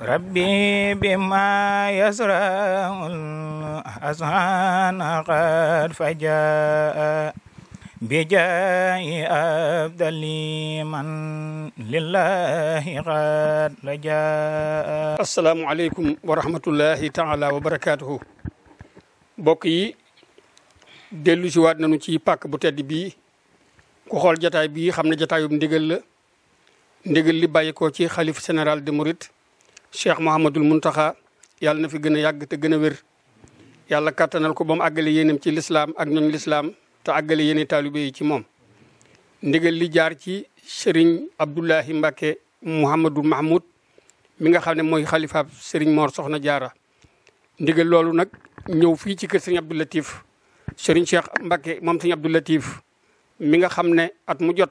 ربي بما يزرع الأذهان قد فجاء بجاه أبدل من لله قد لجاء السلام عليكم ورحمة الله تعالى وبركاته mbokk yi dellusi si waat ci pàkk bu bi bii ku jataay bii xam ne jataayum ndigal ndigal li bàyyi ko ci xalif général de Mouride cheikh Mouhamadul Muntaxa yàlla na fi gën a yàgg te gën a wér yàlla kàttanal ko ba mu àggale yéenam ci lislaam ak ñooñ lislaam te àggale yéene taalibe yi ci moom. ndigal li jaar ci sëriñ Abdoulahi Mbacke Mouhamadul Mahmoud mi nga xam ne mooy xalifaab sëriñ Mor Soxna Jaara ndigal loolu nag ñëw fii ci kër sëriñ Abdou Latif sëriñ cheikh Mbacke moom sëriñ Abdou mi nga xam ne at mu jot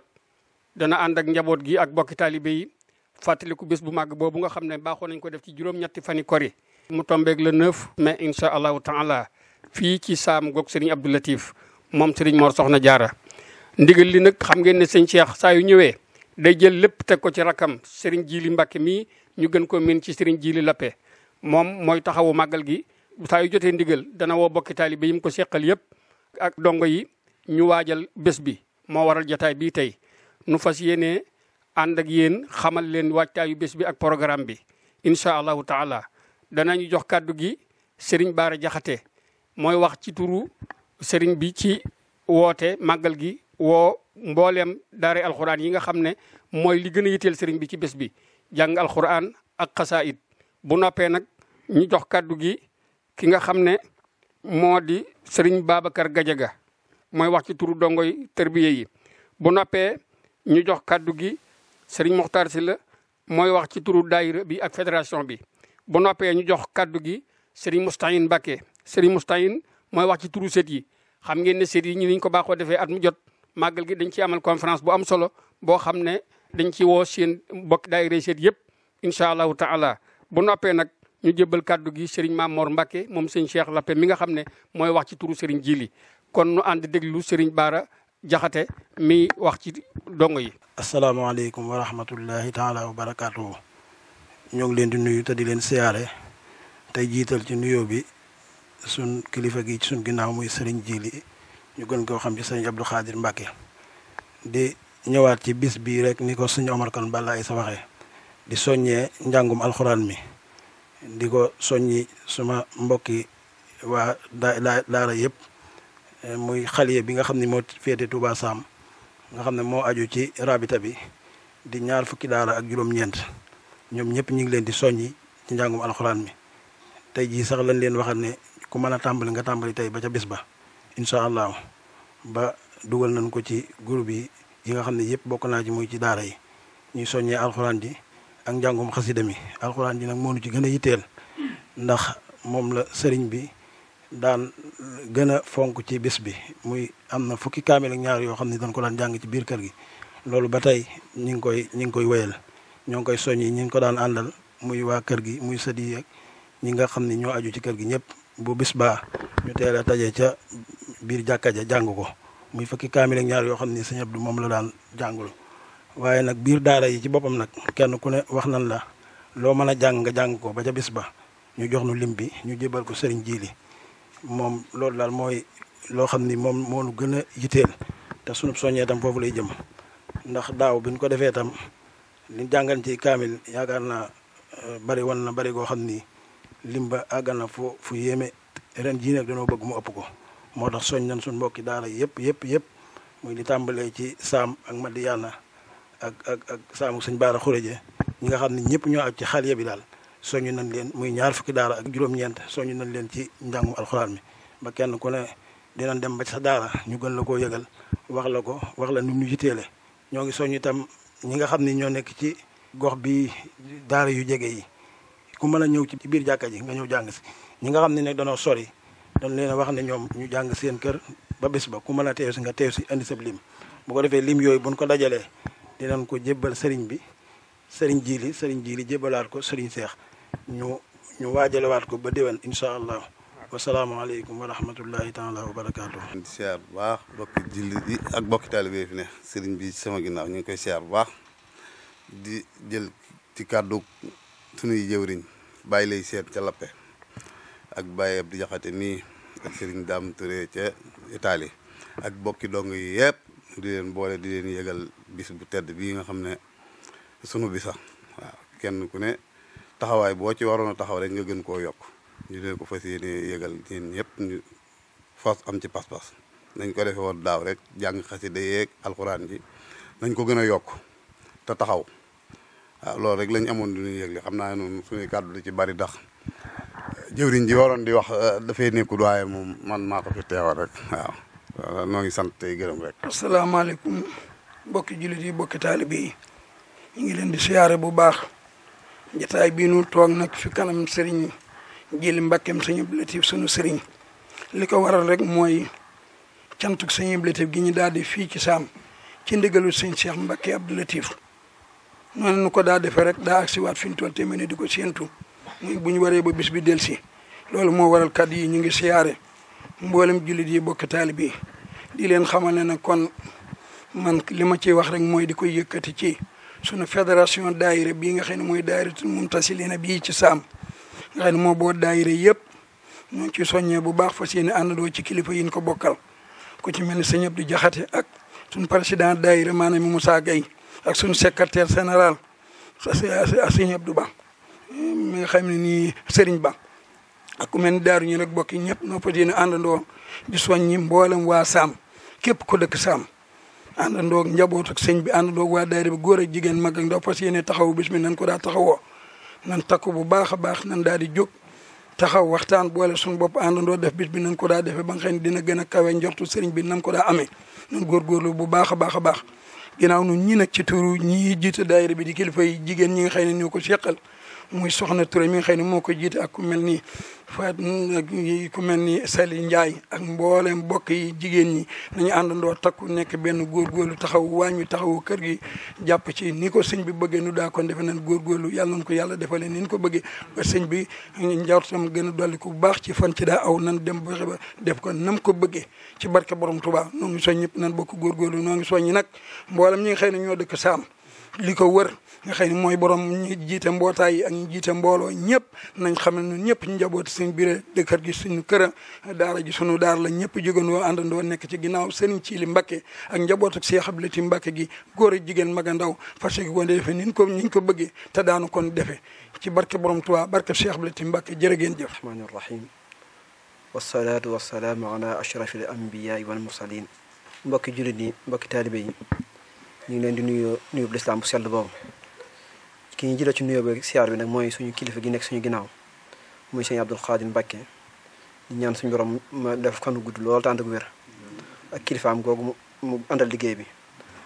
dana ànd ak njaboot gi ak bokki taalibe yi. fàttaliku bés bu màgg boobu nga xam ne baaxoo nañ ko def ci juróom-ñetti fani kori mu tombeeg le 9 mai incha allahu taala fii ci saam goog sëriñ Abdou Latif moom sëriñ Mor Soxna Jaara ndigal li nag xam ngeen ne sëñ Cheikh saa yu ñëwee day jël lépp teg ko ci rakam sëriñ Jili Mbàkke mii ñu gën ko min ci sëriñ Jili Lappe moom mooy taxawu màggal gi saa yu jotee ndigal dana woo bokki taalibe yi mu ko seqal yëpp ak dongo yi ñu waajal bés bi moo waral jotaay bii tey nu ànd ak yéen xamal leen waajtaayu bés bi ak programme bi incha allahu taala danañu jox kàddu gi Serigne Bara Jaxate mooy wax ci turu Serigne bi ci woote màggal gi woo mboolem daare alxuraan yi nga xam ne mooy li gën a yitteel Serigne bi ci bés bi jàng alxuraan ak xasaayid bu noppee nag ñu jox kaddu gi ki nga xam ne moo di Serigne Babacar Gajaga mooy wax ci turu dongoy tërbiye yi bu noppee ñu jox kàddu gi Serigne Mokhtar Sylla mooy wax ci turu daayira bi ak fédération bi bu noppee ñu jox kaddu gi Serigne Moustahine Mbacké Serigne Moustahine mooy wax ci turu sët yi xam ngeen ne ñu yi ñu ko baaxoo defee at mu jot màggal gi dañ ciy amal conférence bu am solo boo xam ne dañ ci woo seen bokk daayira sët yëpp incha allahu taala bu noppee nag ñu jëbbal kaddu gi Serigne Mamor Mbacké moom sëñ Cheikh Lappé mi nga xam ne mooy wax ci turu Serigne Jili kon nu ànd déglu Serigne Bara jaxate mi wax ci dongo yi. asalaamaaleykum wa rahmatullahi taala wa barakaatu. ñoo ngi leen di nuyu te di leen siyaare tey jiital ci nuyoo bi sun kilifa gi ci sun ginnaaw muy sëriñ Jili ñu gën koo xam ci sëriñ Abdou Khadir Mbacke. di ñëwaat ci bis bii rek ni ko suñu Omar Kan Balla ay sa waxee di soññee njàngum alxuraan mi di ko soññi suma mbokki waa daara yëpp muy xaliye bi nga xam ne moo féete Touba Sam nga xam ne moo aju ci rabita bi di ñaar fukki daara ak juróom-ñeent ñoom ñëpp ñu ngi leen di soññi ci njàngum alxuraan mi tey jii sax lañ leen waxal ne ku mën a tàmbali nga tàmbali tey ba ca bis ba incha allah ba dugal nañ ko ci groupe yi yi nga xam ne yëpp bokk naa ci muy ci daara yi ñuy soññee alxuraan ji ak njàngum xasida mi alxuraan ji nag moonu ci gën a yitteel ndax moom la sëriñ bi daan gën a fonk ci bis bi muy am na fukki kaamil ak ñaar yoo xam ne dañ ko daan jàng ci biir kër gi loolu ba tey ñi ngi koy ñi ngi koy wéyal ñoo ngi koy soññi ñi ngi ko daan àndal muy waa kër gi muy sët yi ak ñi nga xam ne ñoo aju ci kër gi ñëpp bu bis baa ñu teel taje ca biir jàkka ja jàng ko muy fukki kaamil ak ñaar yoo xam ne sëñ du moom la daan jàngul waaye nag biir daara yi ci boppam nag kenn ku ne wax nan la loo mën a jàng nga jàng ko ba ca bis ba ñu jox nu lim bi ñu jébal ko sëriñ Jiili moom loolu daal mooy loo xam ni moom moo lu gën a yitteel te sunu soññee tam foofu lay jëm ndax daaw bi ñu ko defee tam li jàngal ci kaamil yaakaar naa euh, bari wan na bari goo xam ni lim ba àggal na fu fu yéeme ren jii nag dañoo bëgg mu ëpp ko moo tax soñ nañ suñ mbokki daara yëpp yëpp yëpp muy li tàmbalee ci saam ak madiyaana ak ak ak saamu sëñ baara xuréje ñi nga xam ne ñëpp ñoo aj ci xaliya bi daal soñu nañ leen muy ñaar fukki daara ak juróom-ñeent soñu nañ leen ci njàngum alxuraan mi ba kenn ku ne dinan dem ba ci sa daara ñu gën la koo yëgal wax la ko wax la nu ñu yiteele ñoo ngi soñu itam ñi nga xam ne ñoo nekk ci gox bi daara yu jege yi ku mën a ñëw ci biir jàkka ji nga ñëw jàng si ñi nga xam ne nag danoo sori dañ leen a wax ne ñoom ñu jàng seen kër ba bés ba ku mën a teew si nga teew si indi sab lim bu ko defee lim yooyu buñ ko dajalee dinañ ko jébbal sëriñ bi sëriñ jiili sëriñ jiili jébalaat ko sëriñ seex ñu ñu waajalewaat ko ba déwén incha allah wasalaamaaleykum wa rahmatullahi taala wa barakaatu. di siyaar bu baax bokki jullit yi ak bokki fi ne sëriñ bi sama ginnaaw ñu ngi koy siyaar bu baax di jël ci kàddu sunuy jëwriñ bàyyi lay seet ca lappe ak bàyyi Abdou Jaxate mii ak sëriñ Dame Touré ca Italie ak bokki dong yi yëpp di leen boole di leen yëgal bis bu tedd bii nga xam ne sunu bi sax waaw kenn ku ne taxawaay boo ci waroon a taxaw rek nga gën koo yokk ñu dee ko fas yéene yëgal yéen ñëpp ñu fas am ci pas-pas nañ ko defee woon daaw rek jàng xasida yeeg alxuraan ji nañ ko gën a yokk te taxaw waaw loolu rek lañ amoon du ñuy yëgle xam naa noonu suñuy kàddu du ci bari dax jëwriñ ji waroon di wax euh, dafay nekkul waaye moom man maa ko fi teewal rek waaw noo ngi sant tey gërëm rek asalaamaaleykum mbokki jullit yi mbokki taalibe yi ñu ngi leen di siyaare bu baax jataay bii nu toog nag fi kanam sëriñ Jili Mbàkkeem sëñ Abdou Latif sunu sëriñ li ko waral rek mooy cantuk sëñ Abdou Latif gi ñu daal di fii ci saam ci ndigalu sëñ Cheikh Mbàkke Abdou Latif noonu ko daa defee rek daa agsi waat fi ñu toll téeméer di ko séentu bu ñu waree ba bis bi delsi loolu moo waral yi ñu ngi siyaare mboolem jullit yi bokk taalib di leen xamal ne nag kon man li ma ciy wax rek mooy di koy yëkkati ci sunu fédération daayira bii nga xam ne mooy daayiratul muntasilina bii ci saam nga xam ne moo boo daayira yëpp ñu ngi ci soññee bu baax fas yéene àndandoo ci kilifa yi ko bokkal ku ci mel ni sëñ Abdou Jaxate ak suñu président daayira maanaam Moussa Gueye ak suñu secrétaire général sëñ Abdou Ba mi nga xam ne nii Serigne Ba ak ku mel daru daaru ñu rek bokki ñëpp noo fas yéene àndandoo di soññi mboolem waa saam képp ku dëkk saam àndandoog njaboot ak sëñ bi àndandoog waa daayira bi góor jigéen mag ak ndaw fas yéene taxawu bis mi nan ko daa taxawoo nan takku bu baax a baax nan daal di jóg taxaw waxtaan boole suñu bopp àndandoo def bis bi nan ko daa defee ba nga ne dina gën a kawe njortu sëriñ bi nan ko daa amee nan góorgóorlu bu baax a baax a baax ginnaaw nun ñi nag ci turu ñii jiite daayira bi di kilifa jigéen ñi nga xam ne ñoo ko seqal muy soxna ture mi nga xam moo ko jiite ak ku mel ni Fat ak ku mel ni Sali Ndiaye ak mboolem mbokk yi jigéen ñi nañu àndandoo takku nekk benn góorgóorlu taxaw waañ wi taxawu kër gi jàpp ci ni ko sëñ bi bëggee nu daa kon defe nañ góorgóorlu yàlla nañ ko yàlla defalee ni ñu ko bëggee ba sëñ bi njawtam gën a dolli ku baax ci fan ci daa aw nan dem ba def ko nam ko bëggee ci barke borom Touba noo ngi soñ ñëpp nan bokk góorgóorlu noo ngi soññi nag mboolem ñi nga xam ñoo dëkk Saam li ko wër nga xëy ni mooy borom ñu jiite mbootaay yi ak ñu jiite mbooloo ñëpp nañ xam ne ñun ñëpp ñu njabooti suñu biir dëkkar gi suñu kër daara ji suñu daara la ñëpp jógandoo àndandoo nekk ci ginnaaw Serigne Thiely Mbacké ak njabootu Cheikh Abdoulaye Mbacké gi góor ak jigéen mag a ndaw parce que ko defee niñ ko niñ ko bëggee te daanu kon defee ci barke borom Tuubaa barke Cheikh Abdoulaye Mbacké jërë ngeen jëf rahmaani rahim wasalaatu wasalaamu ala ashrafil anbiyaai wal mursalin mbokki jullit yi mbokki taalibe yi ñu ngi leen di nuyu nuyu lislaam bu sell boobu ki ñu jëlee ci nuyoo bi siyaar bi nag mooy suñu kilifa gi nekk ñaan suñu borom def kanu gudd lool tànt ak wér kilifaam googu mu àndal liggéey bi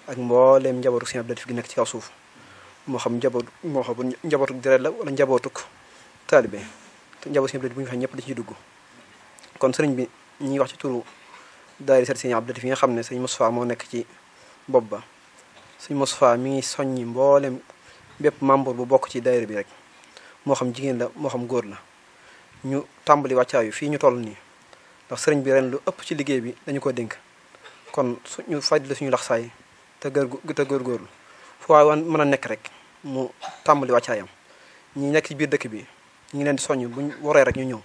ak mbooleem njabootu sëñ Abdul gi nekk ci kaw suuf moo xam njaboot moo xam njabootuk deret la wala njabootuk taalibe te njabootu sëñ Abdul bu ñu fa ñëpp dañ dugg kon sëriñ bi ñu ngi wax ci turu daayira seet sëñ Abdul nga xam ne sëñ Moustapha moo nekk ci bopp ba sëñ Moustapha mi ngi soññi mbooleem bépp membre bu bokk ci daayira bi rek moo xam jigéen la moo xam góor la ñu tàmbali wàccaayu fii ñu toll nii ndax sëriñ bi ren lu ëpp ci liggéey bi dañu ko dénk kon suñu faj la suñu laxsaay te gër te góorgóorlu foo waaye mën a nekk rek mu tàmbali wàccaayam ñi nekk ci biir dëkk bi ñu ngi leen di soññ buñ waree rek ñu ñëw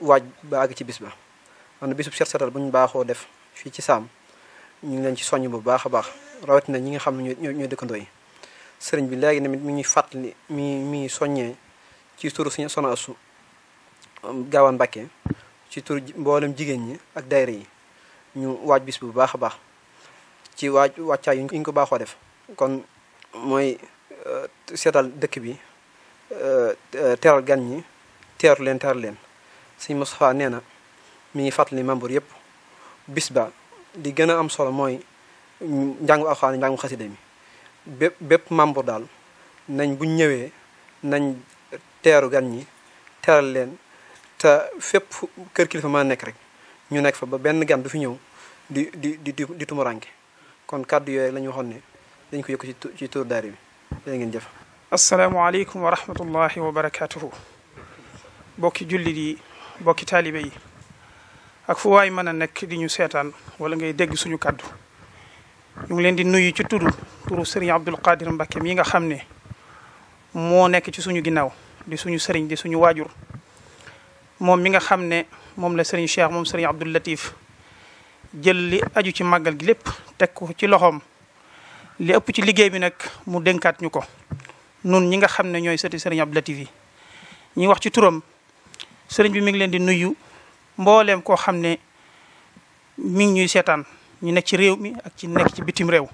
waaj ba àgg ci bis ba am na bisub set setal bu ñu baaxoo def fii ci saam ñu ngi leen ci soññ bu baax a baax na ñi nga xam ne ñoo ñoo dëkkandoo yi sëriñ bi léegi tamit mi ñuy fàttali mi mi soññee ci turu suñu Soxna Astu um, Gaawaan Mbàkke ci turu mboolem jigéen ñi ak daayira yi ñu waaj bis bu baax a baax ci waaj wàccaay yu ñu ko baaxoo def kon mooy uh, seetal dëkk bi uh, uh, teral gan ñi teeru leen teeru leen suñu Moustapha nee na mi ngi fàttali membre yëpp bis ba di gën a am solo mooy njàngu alxuraan njàngu xasida mi bépp bépp daal nañ bu ñëwee nañ teeru gan ñi teral leen te fépp kër kilifa mën a nekk rek ñu nekk fa ba benn gan du fi ñëw di di di di tumuranke kon kàddu yooyu la waxoon ne dañ ko yokk ci ci tur daari bi dégg ngeen jëf. asalaamaaleykum wa rahmatullahi wa barakaatuhu. bokki jullit yi bokki taalibe yi ak fu waay mën a nekk di ñu seetaan wala ngay dégg suñu kàddu. ñu ngi leen di nuyu ci turu turu sëriñ Abdul Qadir Mbacke mi nga xam ne moo nekk ci suñu ginnaaw di suñu sëriñ di suñu waajur moom mi nga xam ne moom la sëriñ Cheikh moom sëriñ Abdul Latif jël li aju ci màggal gi lépp teg ko ci loxoom li ëpp ci liggéey bi nag mu dénkaat ñu ko nun ñi nga xam ne ñooy sëti sëriñ Abdul Latif yi ñi wax ci turam sëriñ bi mi ngi leen di nuyu mbooleem koo xam ne mi ngi ñuy seetaan ñu nekk ci réew mi ak ci nekk ci bitim réew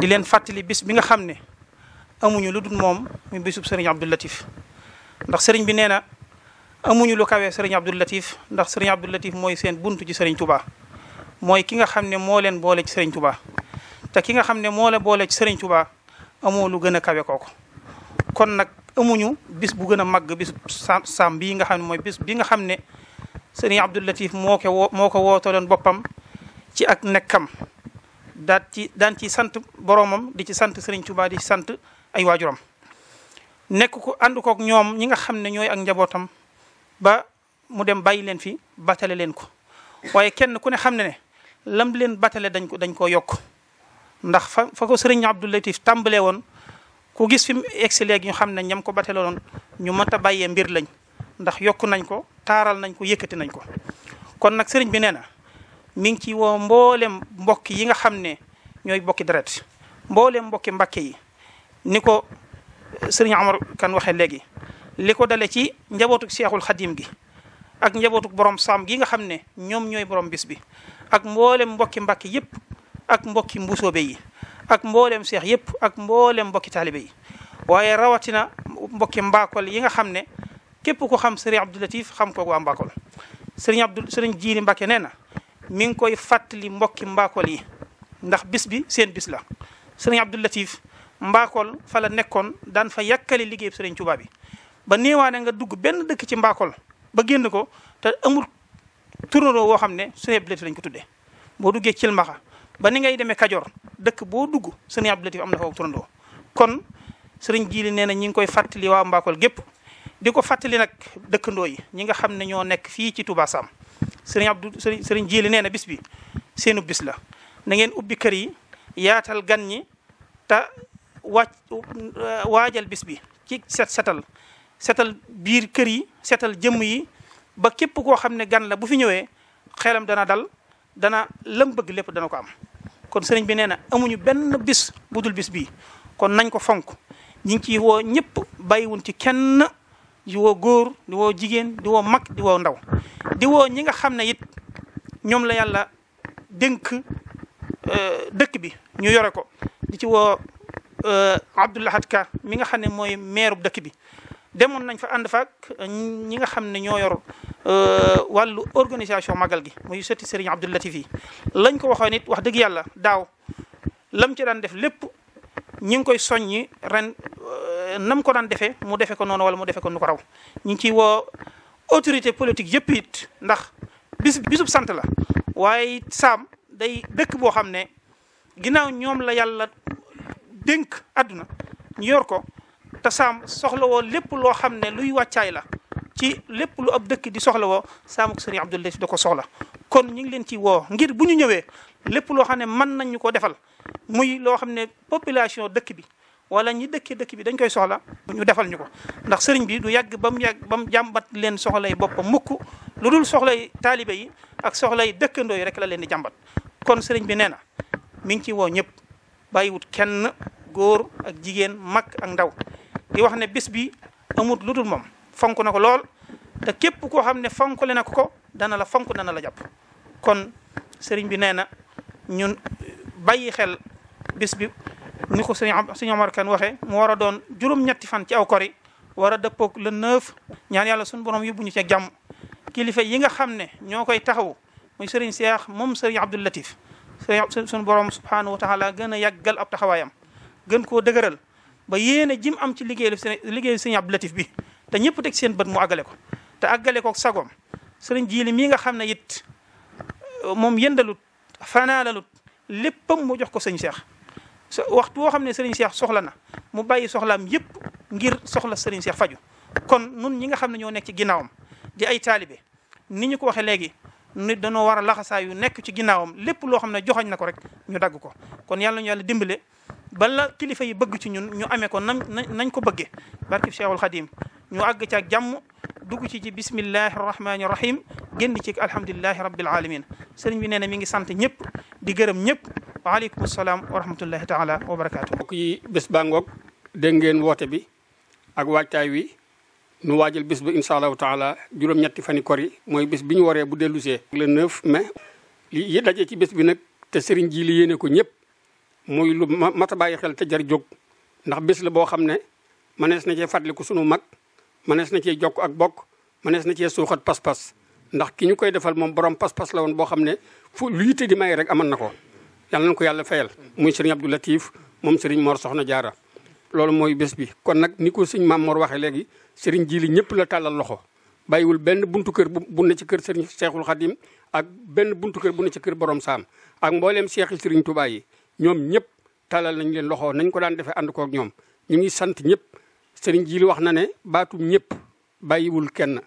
di leen fàttali bis bi nga xam ne amuñu lu dul moom muy bisub sëriñ Abdou Latif ndax sëriñ bi nee na amuñu lu kawee sëriñ Abdou Latif ndax sëriñ Abdou mooy seen buntu ci sëriñ Touba mooy ki nga xam ne moo leen boole ci sëriñ Touba te ki nga xam ne moo la boole ci sëriñ Touba amoo lu gën a kawe kooku kon nag amuñu bis bu gën a màgg bis sambi bii nga xam ne mooy bis bi nga xam ne sëriñ Abdou Latif moo ko woo moo ko wootaloon boppam ci ak nekkam daat ci daan ci sant boromam di ci sant Serigne Touba di ci sant ay waajuram nekk ko ànd kook ñoom ñi nga xam ne ñooy ak njabootam ba mu dem bay leen fi batale leen ko waaye kenn ku ne xam ne ne lam leen batale dañ ko dañ koo yokk ndax fa fa ko Serigne Abdou Latif tàmbalee woon ku gis fi mu egsi léegi ñu xam ne ñam ko batale woon ñu mënta bàyyee mbir lañ ndax yokk nañ ko taaral nañ ko yëkkati nañ ko kon nag Serigne bi nee mi ngi ci woo mboolem mbokk yi nga xam ne ñooy mbokki deret mboolem mbokki mbakke yi ni ko sëriñ Amar kan waxe léegi li ko dale ci njabootuk seexul xadim gi ak njabootuk borom saam gi nga xam ne ñoom ñooy borom bis bi ak mboolem mbokki mbakke yëpp ak mbokki mbusoobe yi ak mboolem seex yëpp ak mboolem mbokki taalibe yi waaye rawatina mbokki mbaakol yi nga xam ne képp ko xam sëriñ Abdou Latif xam ko waa mbaakol sëriñ Abdou Mbakke nee na mi ngi koy fàttali mbokki mbaakool yi ndax bis bi seen bis la sëriñ Abdou Latif mbaakool fa la nekkoon daan fa yàkkali liggéey sëriñ Tuubaa bi ba néewaane nga dugg benn dëkk ci mbaakool ba génn ko te amul tournero woo xam ne sëriñ lañ ko tuddee boo duggee Cilmaxa ba ni ngay demee Kajoor dëkk boo dugg sëriñ Abdou am na fa tournero kon sëriñ Jiili nee na ñi ngi koy fàttali waa mbaakool gépp di ko fàttali nag dëkkandoo yi ñi nga xam ne ñoo nekk fii ci Touba saam sëriñ Abdou sëriñ sëriñ na bis bi seenu bis la na ngeen ubbi kër yi yaatal gan ñi te wàcc uh, waajal bis bi ci set setal setal biir kër yi setal jëmm yi ba képp koo xam ne gan la bu fi ñëwee xelam dana dal dana lam bëgg lépp dana ko am kon sëriñ bi nee na amuñu benn bis bu dul bis bi kon nañ ko fonk ñi ngi woo ñëpp bàyyiwun ci kenn di woo góor di woo jigéen di woo mag di woo ndaw di woo ñi nga xam ne it ñoom la yàlla dénk euh, dëkk bi ñu yore ko di ci woo euh, Abdou Lahad Ka mi nga xam ne mooy maire dëkk bi demoon nañ fa ànd faak ñi nga xam ne ñoo yor euh, wàllu organisation magal gi mooy sëtti Serigne Abdou Latif yi lañ ko waxoon wax dëgg yàlla daaw lam ci daan def lépp ñi ngi koy soññi ren euh, nam ko daan defee mu defe ko noonu wala mu defe ko nu ko raw ñu ngi ciy woo autorité politique yëpp it ndax bis bisub sant la waaye saam day dëkk boo xam ne ginnaaw ñoom la yàlla dénk àdduna ñu yor ko te soxla soxlawoo lépp loo xam ne luy wàccaay la ci lépp lu ab dëkk di soxla saam ak sëriñ Abdou Latif da ko soxla kon ñu ngi leen ci woo ngir bu ñu ñëwee lépp loo xam ne mën nañ ñu ko defal muy loo xam ne population dëkk bi wala ñi dëkkee dëkk bi dañ koy soxla ñu defal ñu ko ndax sëriñ bi du yàgg ba mu yàgg ba mu jàmbat leen soxlay boppam mukk lu dul soxla soxlay taalibe yi ak soxlay dëkkandoo yi rek la leen di jàmbat kon sëriñ bi nee na mi ngi ci woo ñëpp bàyyiwut kenn góor ak jigéen mag ak ndaw di wax ne bis bi amut lu moom fonk na ko lool te képp koo xam ne fonk le na ko ko dana la fonk dana la jàpp kon bi nee na ñun bàyyi xel bis bi ni ko sëñ sëñ Omar Kane waxee mu war a doon juróom-ñetti fan ci aw kori war a dëppoog le 9 ñaan yàlla suñu borom yóbbu ñu ca jàmm kilifa yi nga xam ne ñoo koy taxaw muy sëriñ Seex moom sëriñ Abdou Latif sëriñ suñu borom subhaanahu wa taala gën a yàggal ab taxawaayam gën koo dëgëral ba yéene jim am ci liggéey liggéey sëriñ bi te ñëpp teg seen bët mu àggale ko te àggale ko sagoom sëriñ jiili mii nga xam ne it moom yëndalut fanaalalut léppam mu jox ko sëñ Seex waxtu woo xam ne Serigne Cheikh soxla na mu bàyyi soxlaam yëpp ngir soxla Serigne Cheikh faju kon nun ñi nga xam ne ñoo nekk ci ginnaawam di ay taalibe ni ñu ko waxee léegi nit dañoo war a laxasaa yu nekk ci ginnaawam lépp loo xam ne joxañ na ko rek ñu dagg ko kon yàlla ñu yàlla dimbale bala kilifa yi bëgg ci ñun ñu amee ko nañ nañ ko bëggee barke Cheikhul Khadim ñu àgg ci ak jàmm dugg ci ci bismillahi rahmaani rahim génn ci alhamdulilahi rabbil alamin sëriñ bi nee na mi ngi sant ñëpp di gërëm ñëpp waaleykum salaam wa rahmatullahi taala wa barakaatu. mbokk yi bés baa ngoog dégg ngeen woote bi ak waajtaay wi nu waajal bés ba incha allahu taala juróom-ñetti fani kor yi mooy bés bi ñu waree bu dellusee le 9 mai li yi dajee ci bés bi nag te sëriñ jili li yéene ko ñëpp muy lu mat a bàyyi xel te jar jóg ndax bés la boo xam ne manees na cee fàttaliku sunu mag mënees na cee jokk ak bokk mënees na cee suuxat pas-pas ndax ki ñu koy defal moom borom pas-pas la woon boo xam ne fu lu yitte di may rek aman na ko yàlla na ko yàlla fayal muy sëriñ Abdou Latif moom sëriñ Mor Soxna Jaara loolu mooy bés bi kon nag ni ko sëñ Maam Mor waxee léegi sëriñ Jili ñëpp la tàllal loxo bàyyiwul benn buntu kër bu na ci kër sëriñ Seexul Xadim ak benn buntu kër bu ne ci kër borom saam ak mbooleem seexi sëriñ Tuubaa yi ñoom ñëpp tàllal nañ leen loxo nañ ko daan defee ànd kook ñoom ñu ngi sant ñëpp sëriñ Jili wax na ne baatum ñépp bàyyiwul kenn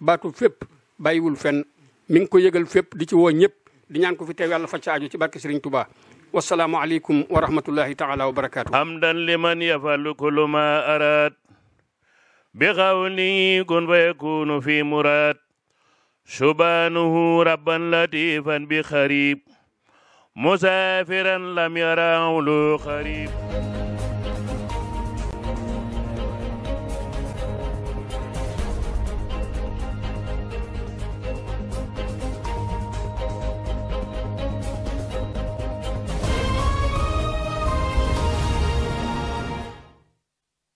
baatu fépp bàyyiwul fenn mi ngi ko yëgal fépp di ci woo ñëpp di ñaan ko fi teew yàlla faj sa ci barke sëriñ Touba wasalaamu aleykum wa rahmatullahi taala wa barakaatu liman yafalu kullu ma arad bi xawli fa yakunu fi murad subhanahu rabban latifan bi xarib musafiran lam yara ulu xarib